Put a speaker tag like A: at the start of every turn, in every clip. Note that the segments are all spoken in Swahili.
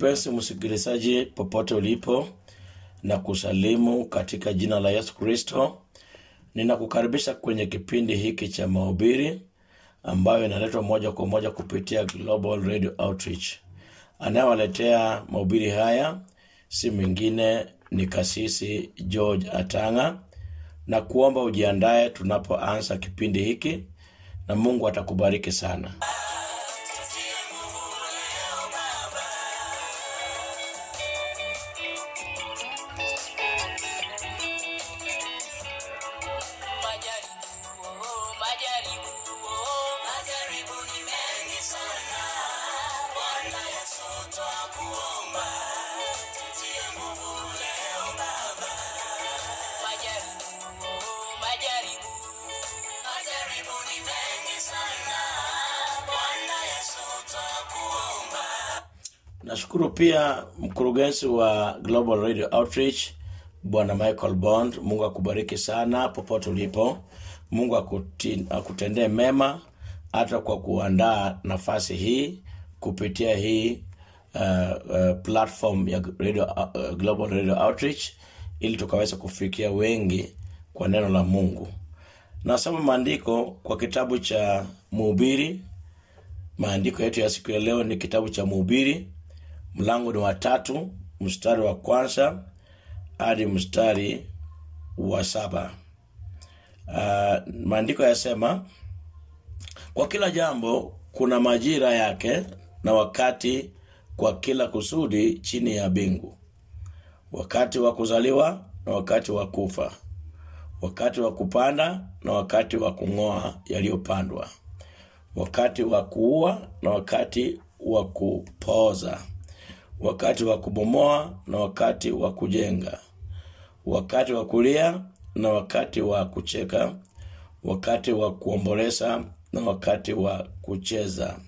A: mpesi msikilizaji, popote ulipo, na kusalimu katika jina la Yesu Kristo. Ninakukaribisha kwenye kipindi hiki cha mahubiri ambayo inaletwa moja kwa moja kupitia Global Radio Outreach. Anayewaletea mahubiri haya si mwingine, ni Kasisi George Atanga, na kuomba ujiandae tunapoanza kipindi hiki, na Mungu atakubariki sana. Nashukuru pia mkurugenzi wa Global Radio Outreach Bwana Michael Bond. Mungu akubariki sana popote ulipo. Mungu akutendee mema, hata kwa kuandaa nafasi hii kupitia hii uh, uh, platform ya radio, uh, Global Radio Outreach ili tukaweza kufikia wengi kwa neno la Mungu. Nasoma maandiko kwa kitabu cha Mhubiri. Maandiko yetu ya siku ya leo ni kitabu cha Mhubiri, mlango ni wa tatu mstari wa kwanza hadi mstari wa saba. Uh, maandiko yasema, kwa kila jambo kuna majira yake na wakati kwa kila kusudi chini ya bingu, wakati wa kuzaliwa na wakati wa kufa, wakati wa kupanda na wakati wa kung'oa yaliyopandwa, wakati wa kuua na wakati wa kupooza, wakati wa kubomoa na wakati wa kujenga, wakati wa kulia na wakati wa kucheka, wakati wa kuomboleza na wakati wa kucheza,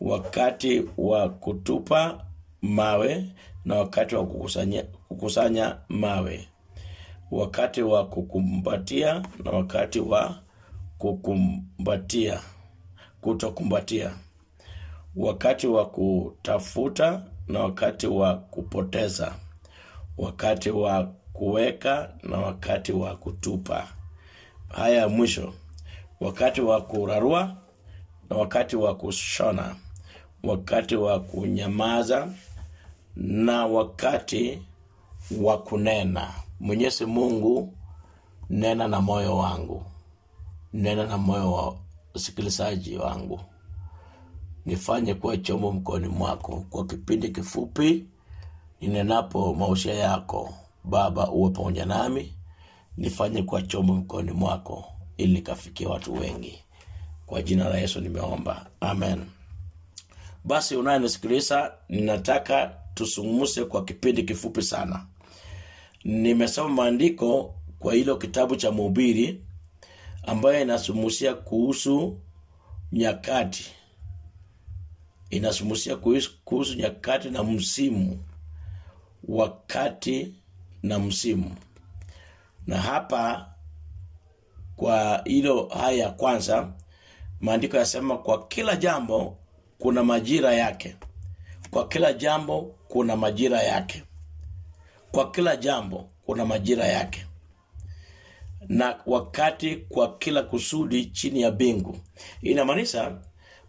A: wakati wa kutupa mawe na wakati wa kukusanya, kukusanya mawe wakati wa kukumbatia na wakati wa kukumbatia kutokumbatia, wakati wa kutafuta na wakati wa kupoteza, wakati wa kuweka na wakati wa kutupa. Haya ya mwisho, wakati wa kurarua na wakati wa kushona, wakati wa kunyamaza na wakati wa kunena. Mwenyezi Mungu, nena na moyo wangu, nena na moyo wa usikilizaji wangu, nifanye kuwa chombo mkoni mwako kwa kipindi kifupi ninenapo maisha yako. Baba, uwe pamoja nami, nifanye kuwa chombo mkoni mwako ili nikafikia watu wengi. Kwa jina la Yesu nimeomba, amen. Basi unayenisikiliza, ninataka tusungumze kwa kipindi kifupi sana Nimesoma maandiko kwa hilo kitabu cha Mhubiri ambayo inasumusia kuhusu nyakati, inasumusia kuhusu nyakati na msimu, wakati na msimu. Na hapa kwa hilo haya ya kwanza, maandiko yasema kwa kila jambo kuna majira yake, kwa kila jambo kuna majira yake kwa kila jambo kuna majira yake na wakati kwa kila kusudi chini ya bingu inamaanisha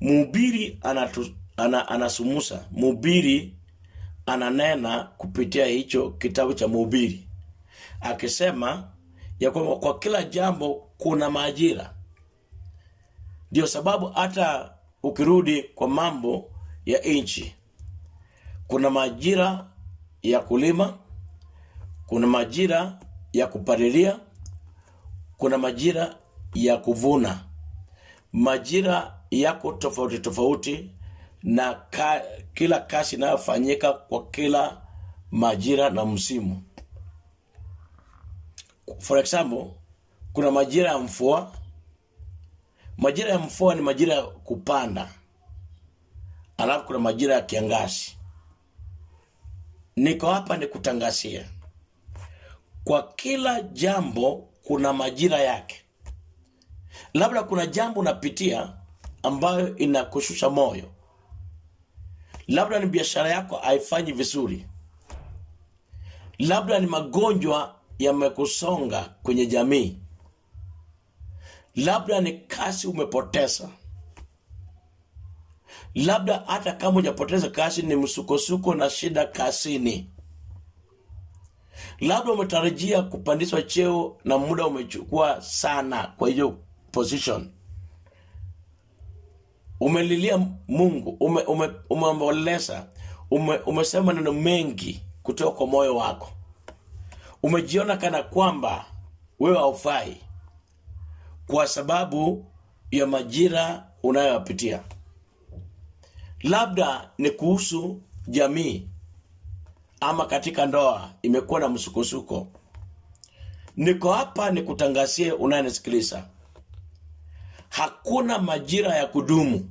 A: mhubiri ana, anasumusa mubiri ananena kupitia hicho kitabu cha mubiri akisema ya kwamba kwa kila jambo kuna majira ndio sababu hata ukirudi kwa mambo ya nchi kuna majira ya kulima kuna majira ya kupalilia, kuna majira ya kuvuna. Majira yako tofauti tofauti, na ka, kila kazi inayofanyika kwa kila majira na msimu. For example, kuna majira ya mfua Majira ya mfua ni majira ya kupanda, alafu kuna majira ya kiangazi. Niko hapa ni kutangazia kwa kila jambo kuna majira yake. Labda kuna jambo unapitia ambayo inakushusha moyo, labda ni biashara yako haifanyi vizuri, labda ni magonjwa yamekusonga kwenye jamii, labda ni kasi umepoteza, labda hata kama ujapoteza kazi, ni msukosuko na shida kasini labda umetarajia kupandishwa cheo na muda umechukua sana kwa hiyo position umelilia mungu ume, ume, umeomboleza ume, umesema maneno mengi kutoka kwa moyo wako umejiona kana kwamba wewe haufai kwa sababu ya majira unayoyapitia labda ni kuhusu jamii ama katika ndoa imekuwa na msukosuko niko hapa nikutangazie unayenisikiliza hakuna majira ya kudumu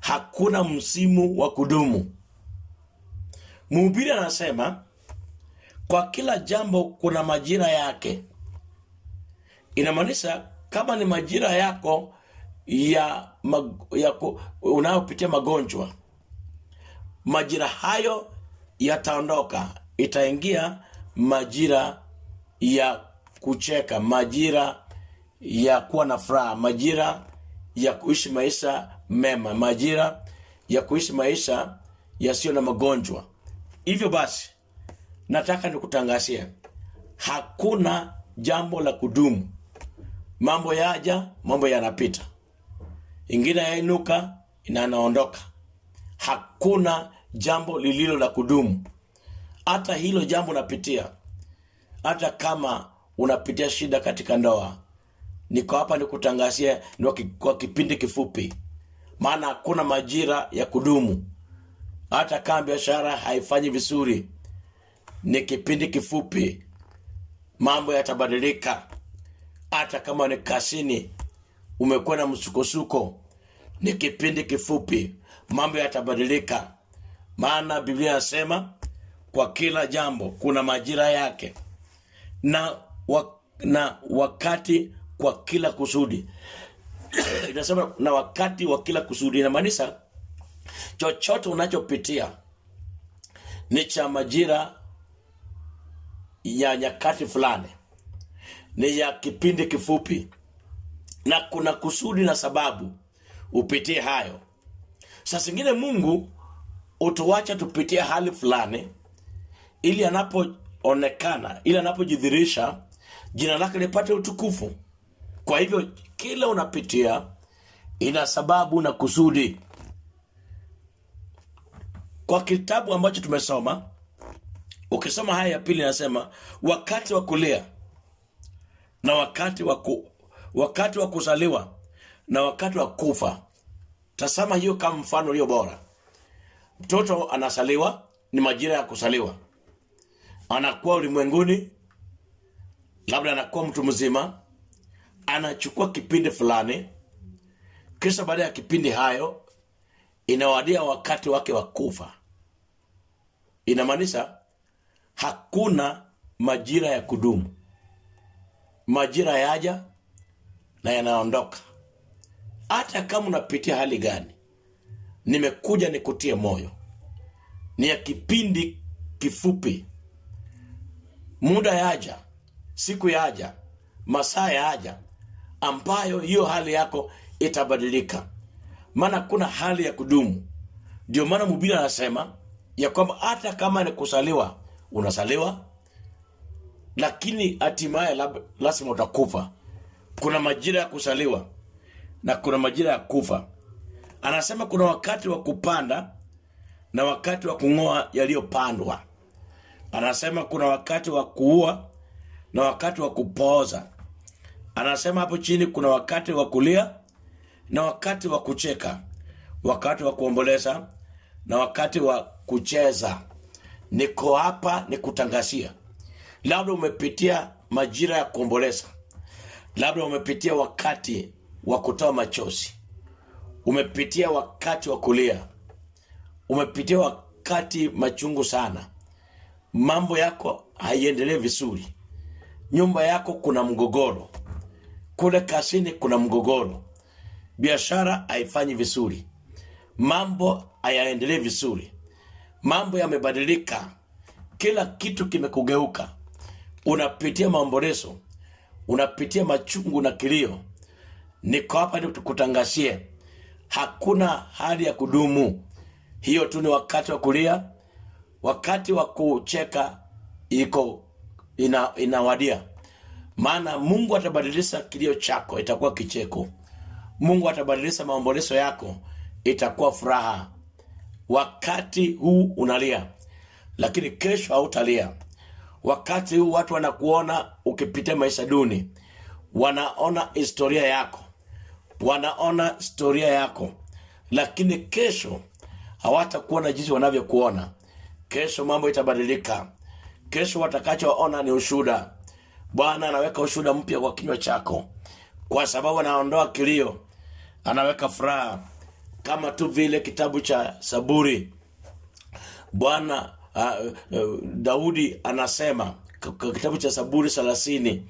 A: hakuna msimu wa kudumu muubiri anasema kwa kila jambo kuna majira yake inamaanisha kama ni majira yako ya, mag, ya unayopitia magonjwa majira hayo yataondoka itaingia majira ya kucheka majira ya kuwa na furaha majira ya kuishi maisha mema majira ya kuishi maisha yasiyo na magonjwa hivyo basi nataka nikutangazia hakuna jambo la kudumu mambo yaja mambo yanapita ingine yainuka inanaondoka. hakuna jambo lililo la kudumu. Hata hilo jambo unapitia, hata kama unapitia shida katika ndoa, niko hapa nikutangazia ni kwa kipindi kifupi, maana hakuna majira ya kudumu. Hata kama biashara haifanyi vizuri, ni kipindi kifupi, mambo yatabadilika. Hata kama ni kasini umekuwa na msukosuko, ni kipindi kifupi, mambo yatabadilika maana biblia yasema kwa kila jambo kuna majira yake na, wa, na wakati kwa kila kusudi inasema na wakati wa kila kusudi inamaanisha chochote unachopitia ni cha majira ya nyakati fulani ni ya kipindi kifupi na kuna kusudi na sababu upitie hayo saa zingine mungu utuwacha tupitie hali fulani ili anapoonekana ili anapojidhirisha jina lake lipate utukufu kwa hivyo kila unapitia ina sababu na kusudi kwa kitabu ambacho tumesoma ukisoma haya ya pili nasema wakati wa kulia na wakati wa ku, wakati wa kuzaliwa na wakati wa kufa tasama hiyo kama mfano ulio bora Mtoto anasaliwa, ni majira ya kusaliwa, anakuwa ulimwenguni, labda anakuwa mtu mzima, anachukua kipindi fulani, kisha baada ya kipindi hayo inawadia wakati wake wa kufa. Inamaanisha hakuna majira ya kudumu, majira yaja na yanaondoka. Hata kama unapitia hali gani, nimekuja nikutie moyo. Ni ya kipindi kifupi, muda yaja, siku yaja, masaa yaja ambayo hiyo hali yako itabadilika, maana kuna hali ya kudumu. Ndio maana mubili anasema ya kwamba hata kama ni kusaliwa, unasaliwa lakini hatimaye lazima utakufa. Kuna majira ya kusaliwa na kuna majira ya kufa. Anasema kuna wakati wa kupanda na wakati wa kung'oa yaliyopandwa. Anasema kuna wakati wa kuua na wakati wa kupooza. Anasema hapo chini kuna wakati wa kulia na wakati wa kucheka, wakati wa kuomboleza na wakati wa kucheza. Niko hapa kutangazia labda umepitia majira ya kuomboleza, labda umepitia wakati wa kutoa machozi, umepitia wakati wa kulia, umepitia wakati machungu sana, mambo yako haiendelee vizuri, nyumba yako kuna mgogoro, kule kasini kuna mgogoro, biashara haifanyi vizuri, mambo hayaendelee vizuri, mambo yamebadilika, kila kitu kimekugeuka, unapitia maombolezo, unapitia machungu na kilio. Niko hapa ni kutangazie hakuna hali ya kudumu. Hiyo tu ni wakati wa kulia, wakati wa kucheka iko ina, inawadia. Maana Mungu atabadilisha kilio chako itakuwa kicheko. Mungu atabadilisha maombolezo yako itakuwa furaha. Wakati huu unalia, lakini kesho hautalia. Wakati huu watu wanakuona ukipitia maisha duni, wanaona historia yako, wanaona historia yako lakini kesho hawatakuwa na jinsi wanavyokuona kesho mambo itabadilika kesho watakachoona ni ushuda bwana anaweka ushuda mpya kwa kinywa chako kwa sababu anaondoa kilio anaweka furaha kama tu vile kitabu cha saburi bwana uh, uh, daudi anasema kitabu cha saburi thelathini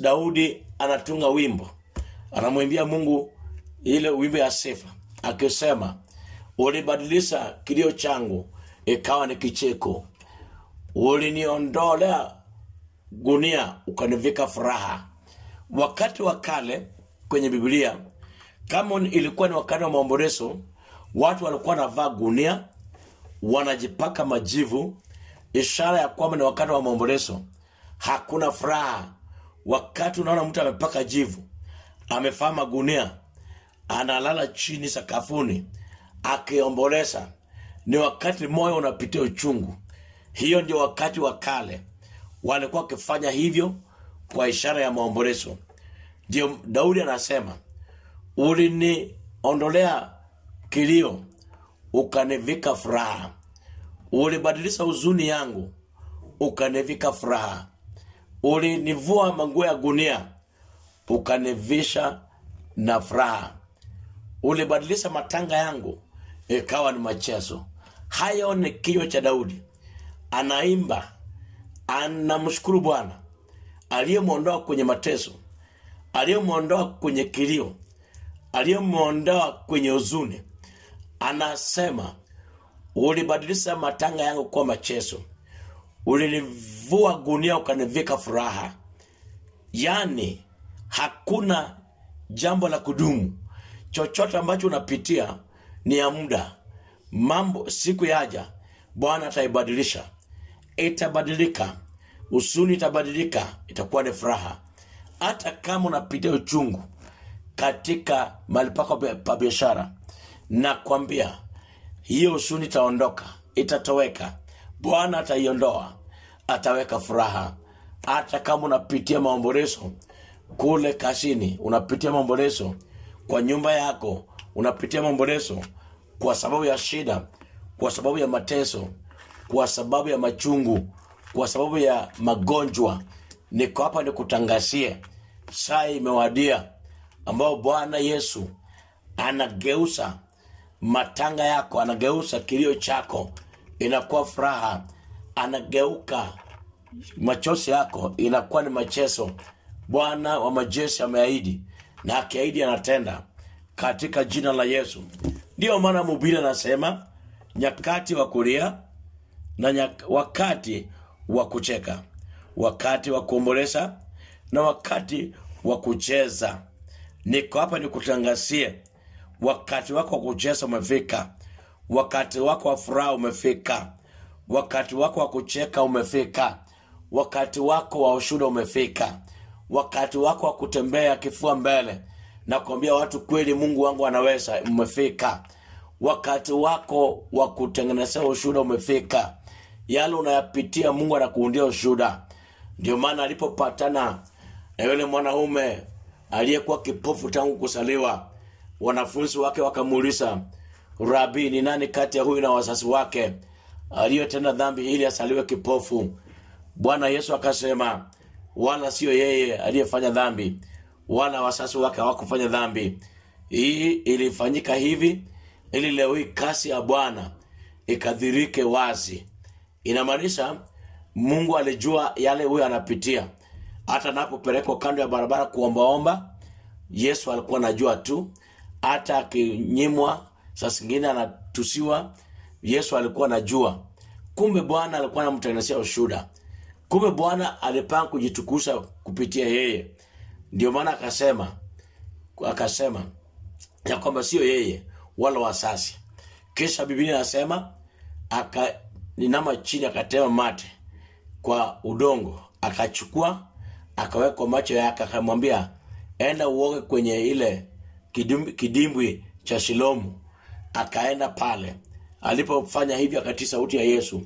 A: daudi anatunga wimbo anamwimbia Mungu ile wimbo ya sifa akisema, ulibadilisha kilio changu ikawa ni kicheko, uliniondolea gunia ukanivika furaha. Wakati wa kale kwenye Biblia, kama ilikuwa ni wakati wa maombolezo, watu walikuwa wanavaa gunia, wanajipaka majivu, ishara ya kwamba ni wakati wa maombolezo. Hakuna furaha wakati unaona mtu amepaka jivu amefaa magunia analala chini sakafuni akiomboleza ni wakati moyo unapitia uchungu hiyo ndio wakati wa kale walikuwa wakifanya hivyo kwa ishara ya maombolezo ndio daudi anasema uliniondolea kilio ukanivika furaha ulibadilisha huzuni yangu ukanivika furaha ulinivua manguo ya gunia ukanivisha na furaha, ulibadilisha matanga yangu ikawa ni machezo. Hayo ni kinywa cha Daudi, anaimba anamshukuru Bwana aliyemwondoa kwenye mateso, aliyemwondoa kwenye kilio, aliyemwondoa kwenye huzuni. Anasema, ulibadilisha matanga yangu kuwa machezo, ulilivua gunia ukanivika furaha. Yani hakuna jambo la kudumu. Chochote ambacho unapitia ni ya muda. Mambo siku yaja, Bwana ataibadilisha, itabadilika. Usuni itabadilika, itakuwa ni furaha. Hata kama unapitia uchungu katika mahali pako pa biashara, nakwambia hiyo usuni itaondoka, itatoweka. Bwana ataiondoa, ataweka furaha. Hata kama unapitia maombolezo kule kasini unapitia maombolezo, kwa nyumba yako unapitia maombolezo kwa sababu ya shida, kwa sababu ya mateso, kwa sababu ya machungu, kwa sababu ya magonjwa, niko hapa nikutangazie, saa imewadia ambao Bwana Yesu anageusa matanga yako, anageusa kilio chako inakuwa furaha, anageuka machosi yako inakuwa ni machezo. Bwana wa majeshi ameahidi na akiahidi anatenda katika jina la Yesu. Ndiyo maana mubili anasema nyakati wa kulia na nyak, wakati wa kucheka, wakati wa kuombolesha na wakati wa kucheza. Niko hapa nikutangazie, wakati wako wa kucheza umefika, wakati wako wa furaha umefika, wakati wako wa kucheka umefika, wakati wako wa ushuda umefika wakati wako wa kutembea kifua mbele na kuambia watu kweli mungu wangu anaweza umefika wakati wako wa kutengenezea ushuda umefika yale unayapitia mungu anakuundia ushuda ndio maana alipopatana na yule mwanaume aliyekuwa kipofu tangu kusaliwa wanafunzi wake wakamuuliza rabi ni nani kati ya huyu na wazazi wake aliyotenda dhambi ili asaliwe kipofu bwana yesu akasema wala sio yeye aliyefanya dhambi wala wasasi wake hawakufanya dhambi hii ilifanyika hivi ili leo hii kasi ya bwana ikadhirike wazi inamaanisha mungu alijua yale huyo anapitia hata anapopelekwa kando ya barabara kuombaomba yesu alikuwa anajua tu hata akinyimwa saa singine anatusiwa yesu alikuwa anajua kumbe bwana alikuwa anamtengenezea ushuda kumbe bwana alipanga kujitukusa kupitia yeye ndio maana akasema akasema ya kwamba sio yeye wala wasasi kisha bibilia anasema akainama chini akatema mate kwa udongo akachukua akawekwa macho yake akamwambia enda uoge kwenye ile kidimbwi, kidimbwi cha shilomu akaenda pale alipofanya hivyo akatii sauti ya yesu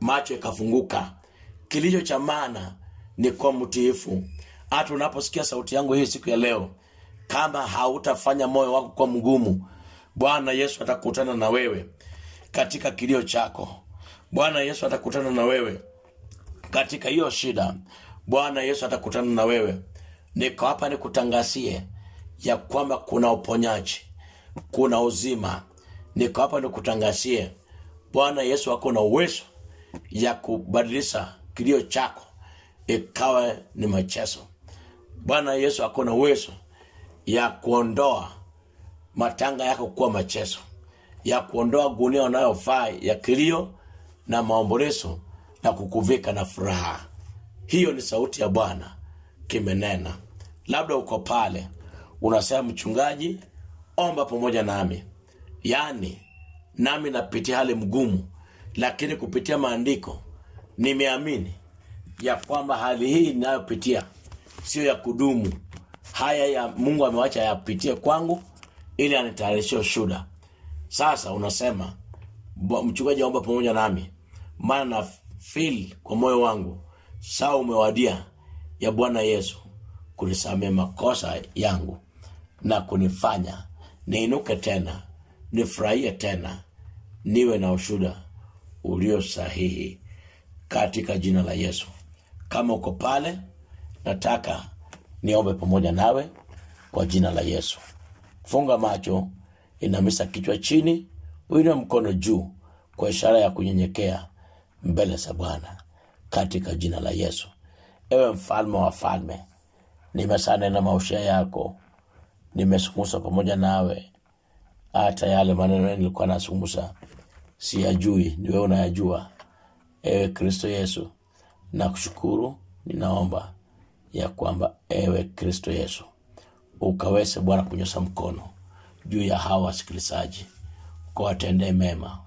A: macho ikafunguka kilicho cha maana ni kuwa mtiifu. Hata unaposikia sauti yangu hii siku ya leo, kama hautafanya moyo wako kuwa mgumu, Bwana Yesu atakutana na wewe katika kilio chako. Bwana Yesu atakutana na wewe katika hiyo shida. Bwana Yesu atakutana na wewe. Niko hapa nikutangazie ya kwamba kuna uponyaji, kuna uzima. Niko hapa nikutangazie Bwana Yesu ako na uwezo ya kubadilisha kilio chako ikawe ni machezo. Bwana Yesu ako na uwezo ya kuondoa matanga yako kuwa machezo, ya kuondoa gunia unayofaa ya kilio na maombolezo na kukuvika na furaha. Hiyo ni sauti ya Bwana kimenena. Labda uko pale unasema, mchungaji, omba pamoja nami. Yaani nami napitia hali mgumu, lakini kupitia maandiko nimeamini ya kwamba hali hii ninayopitia sio ya kudumu haya ya mungu amewacha yapitie kwangu ili anitayarishie ushuda sasa unasema mchungaji aomba pamoja nami maana na fil kwa moyo wangu saa umewadia ya bwana yesu kunisamea makosa yangu na kunifanya niinuke tena nifurahie tena niwe na ushuda ulio sahihi katika jina la Yesu. Kama uko pale, nataka niombe pamoja nawe kwa jina la Yesu. Funga macho, inamisa kichwa chini, uinue mkono juu kwa ishara ya kunyenyekea mbele za Bwana katika jina la Yesu. Ewe mfalme wa falme, nimesana na maisha yako, nimesungumza pamoja nawe. Hata yale maneno nilikuwa nasungumza siyajui, ni wewe unayajua. Ewe Kristo Yesu, nakushukuru, ninaomba ya kwamba ewe Kristo Yesu ukaweze Bwana kunyosa mkono juu ya hawa wasikilizaji, ukawatendee mema,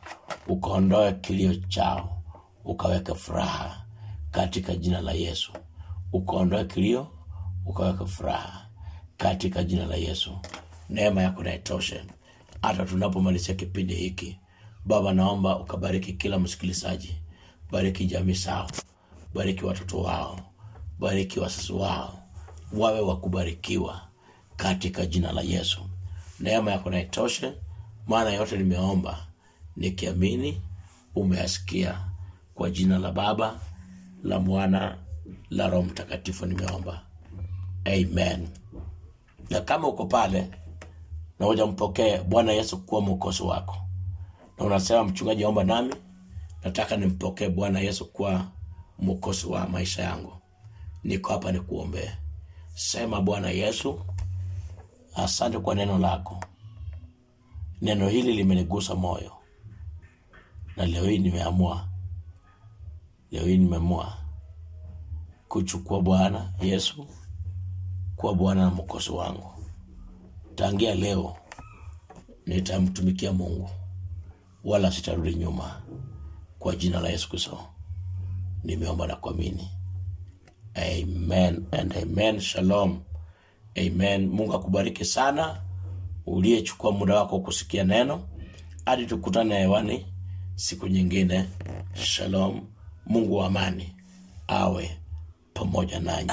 A: ukaondoe kilio chao, ukaweke furaha katika jina la Yesu, ukaondoe kilio, ukaweke furaha katika jina la Yesu. Neema yako naitoshe hata tunapomalizia kipindi hiki. Baba, naomba ukabariki kila msikilizaji bariki jamii zao, bariki watoto wao, bariki wasasi wao, wawe wakubarikiwa katika jina la Yesu. Neema yako naitoshe maana yote nimeomba nikiamini umeasikia Kwa jina la Baba, la Mwana, la Roho Mtakatifu nimeomba, amen. Na kama uko pale na uja mpokee Bwana Yesu kuwa mwokozi wako, na unasema mchungaji, omba nami nataka nimpokee Bwana Yesu kuwa mwokozi wa maisha yangu. Niko hapa nikuombee. Sema, Bwana Yesu, asante kwa neno lako. Neno hili limenigusa moyo, na leo hii nimeamua, leo hii nimeamua kuchukua Bwana Yesu kuwa Bwana na mwokozi wangu. Tangia leo nitamtumikia Mungu, wala sitarudi nyuma. Kwa jina la Yesu Kristo nimeomba na kuamini, amen and amen. Shalom, amen. Mungu akubariki sana uliyechukua muda wako kusikia neno, hadi tukutane hewani siku nyingine. Shalom, Mungu wa amani awe pamoja nanyi.